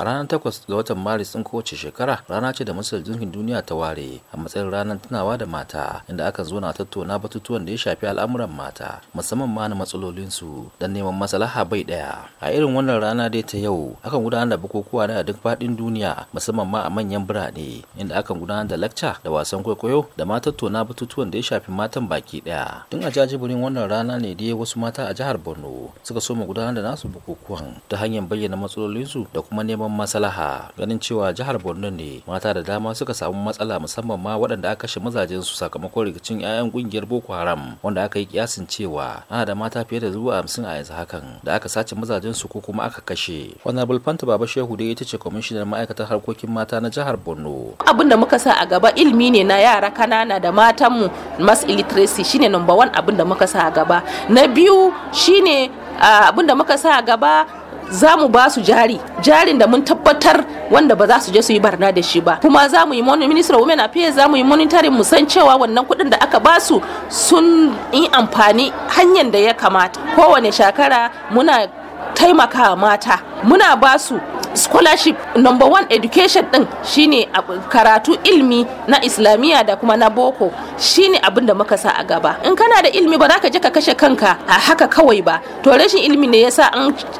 a ranar takwas ga watan maris in kowace shekara rana ce da majalisar dinkin duniya ta ware a matsayin ranar tunawa da mata inda aka zo na tattauna batutuwan da ya shafi al'amuran mata musamman ma na matsalolinsu don neman maslaha bai ɗaya a irin wannan rana dai ta yau akan gudanar da bukukuwa na duk faɗin duniya musamman ma a manyan birane inda akan gudanar da lakca, da wasan kwaikwayo da ma tattauna batutuwan da ya shafi matan baki ɗaya tun a jajibirin wannan rana ne dai wasu mata a jihar borno suka soma gudanar da nasu bukukuwan ta hanyar bayyana matsalolinsu da kuma neman samun maslaha ganin cewa jihar borno ne mata da dama suka samu matsala musamman ma waɗanda aka kashe mazajen su sakamakon rikicin 'ya'yan ƙungiyar boko haram wanda aka yi kiyasin cewa ana da mata fiye da zuwa hamsin a yanzu hakan da aka sace mazajen su ko kuma aka kashe honorable fanta baba shehu da ita ce kwamishinar ma'aikatar harkokin mata na jihar borno abin da muka sa a gaba ilimi ne na yara kanana da matanmu mass illiteracy shine number one abin da muka sa a gaba na biyu shine ah, abin da muka sa a gaba za mu ba su jari jarin da mun tabbatar wanda ba za su je su yi barna da shi ba kuma za mu yi minister of women affairs za mu yi monitoring mu san cewa wannan kuɗin da aka ba su sun yi amfani hanyar da ya kamata kowane shakara muna taimaka mata muna ba su scholarship number one education din shine karatu ilmi na islamiyya da kuma na boko shine abin da muka sa a gaba in kana da ilmi ba za ka je ka kashe kanka a haka kawai ba to rashin ilmi ne yasa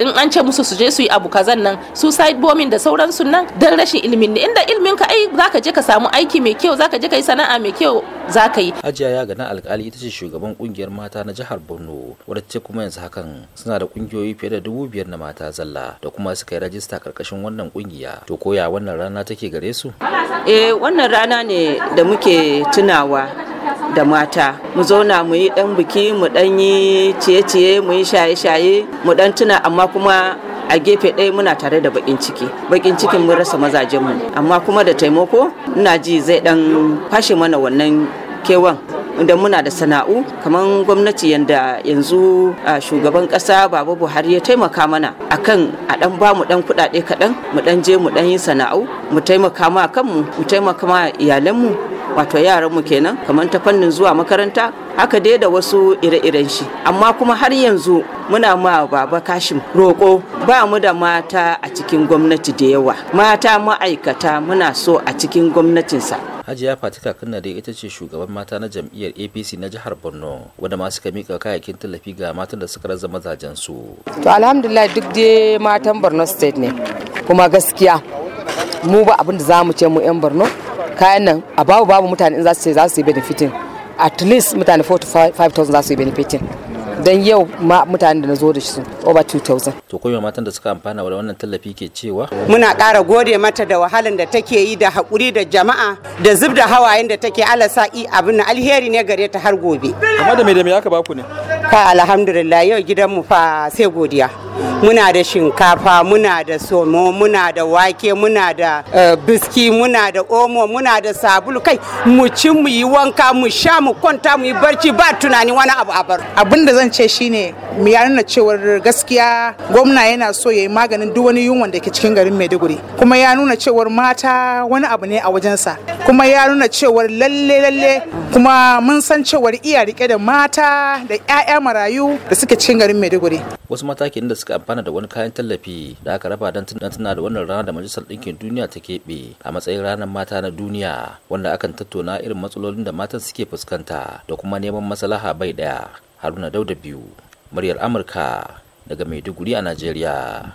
in an ce musu su je su yi abu kazan nan suicide bombing da sauransu nan dan rashin ilmin ne inda ilmin ka ai za ka je ka samu aiki mai kyau za ka je ka yi sana'a mai kyau za ka yi hajiya ya gana alkali ita ce shugaban kungiyar mata na jihar borno wadda ce kuma yanzu hakan suna da kungiyoyi fiye da dubu biyar na mata zalla da kuma suka yi rajista karkashin karkashin wannan kungiya to koya wannan rana take gare su eh wannan rana ne da muke tunawa da mata mu zauna mu yi dan biki mu dan yi ciye-ciye mu yi shaye-shaye mu ɗan tuna amma kuma a gefe ɗaya muna tare da bakin ciki bakin cikin mun rasa mazajenmu amma kuma da taimako ina ji zai ɗan fashe mana wannan kewan Inda muna da sana'u kamar gwamnati yanda yanzu shugaban kasa baba buhari ya taimaka mana akan a dan ba mu dan kudade kadan mu dan je mu dan yi sana'u mu taimaka ma kanmu mu taimaka ma iyalanmu wato yaran mu kenan kamar ta fannin zuwa makaranta haka dai da wasu ire-iren shi amma kuma har yanzu muna ma baba kashim roƙo ba mu da mata a cikin gwamnati da yawa mata ma'aikata muna so a cikin gwamnatinsa hajiya fatika kanna dai ita ce shugaban mata na jam'iyyar apc na jihar borno wanda ma suka mika kayayyakin tallafi ga matan da suka raza mazajen su to alhamdulillah duk dai matan borno state ne kuma gaskiya mu ba abin da za ce mu 'yan borno kayan nan a babu babu mutane in za su ce za su yi benefitin at least mutane 45,000 za su yi benefitin don yau ma mutanen da na zo da su over 2000 to kuma matan da suka amfana da wannan tallafi ke cewa muna ƙara gode mata da wahalan da take yi da haƙuri da jama'a da zub da hawayen da take alasa sa'i abin alheri ne gare ta har gobe amma da me da me aka baku ne fa alhamdulillah yau gidan mu fa sai godiya muna da shinkafa muna da somo muna da wake muna da eh, biski muna da omo muna da sabulu kai mu ci mu yi wanka mu sha mu kwanta mu yi barci ba tunani wani abu a bar abin da zan ce shine mu ya nuna cewar gaskiya gwamna yana so ya yi maganin duk wani yunwan da ke cikin garin Maiduguri kuma ya nuna cewar mata wani abu ne a wajensa kuma ya nuna cewar lalle lalle kuma mun san cewar iya rike da mata da 'ya'ya marayu da suke cikin garin Maiduguri wasu matakin da suka suka amfana da wani kayan tallafi da aka raba don tuna da wannan rana da majalisar ɗinkin duniya ta keɓe a matsayin ranar mata na duniya wanda akan tattauna irin matsalolin da matan suke fuskanta da kuma neman maslaha bai ɗaya haruna dauda biyu muryar amurka daga maiduguri a najeriya